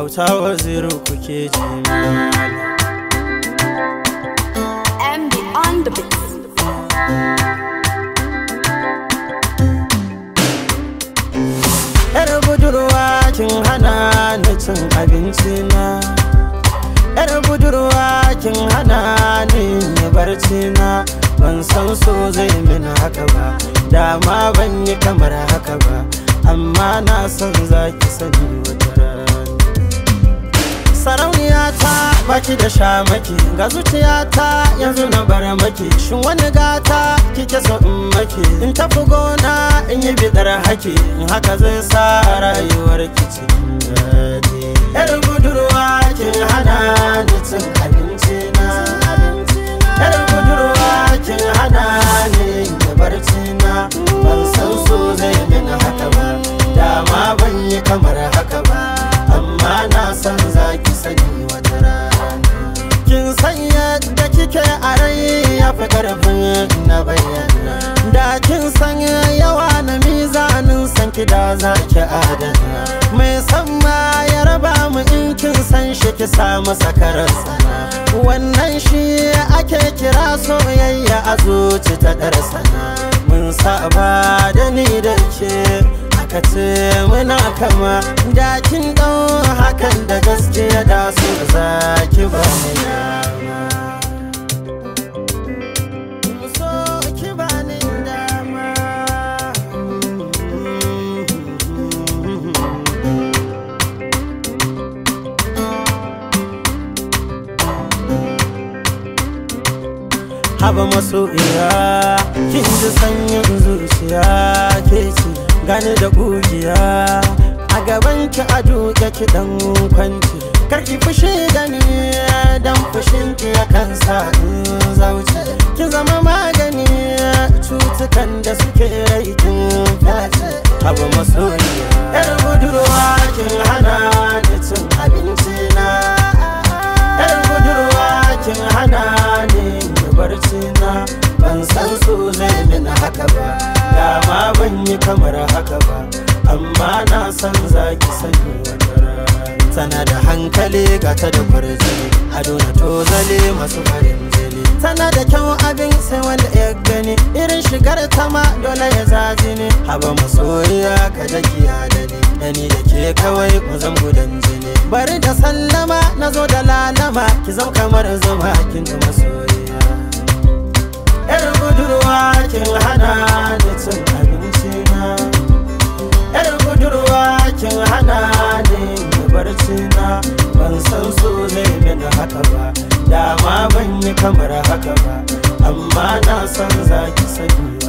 hautawa zero kuke ji MD Yar budurwa kin hana ni cin abinci na Yar budurwa kin hana ni yi barci na ban san so zai mini haka ba dama ban yi kamar haka ba amma na san zaki sani wata rana sarauniya ta baki da shamaki ga zuciyata ta yanzu na bar maki shin wani gata kike so in maki in tafi gona in yi bidar haki in haka zai sa rayuwar kici daɗi yar budurwa kin hana ni ke a rai ya fi karfin na bayyana da kin san yawa na mizanin sanki da za ki adana mai san ma ya raba mu in kin san shi ki samu karar sana wannan shi ake kira soyayya a zuci ta sana mun saba da ni da ke aka ce muna kama da kin ɗau hakan da gaskiya da su za ki ba mu maso iya kin ji sanyin zuciya ke ci gani da kugiya a gaban ki a duke ki dan kwanci karki fushi da dan fushin ki ya kansa in zauce ki zama magani cutukan da suke rai kin fyace abu ban san so zai min haka ba dama ban yi kamar haka ba amma na san zaki sanyi tana da hankali ga ta da kwarjini ado na tozali masu farin jini tana da kyau abin sai wanda ya gani irin shigar ta ma dole ya zaji ne haba masoyiya ka jagiya da ni da ni da ke kawai ku zan gudan jini bari da sallama na zo da lalama ki zau kamar zama kin ji masoyi kamar haka ba amma na san zaki sani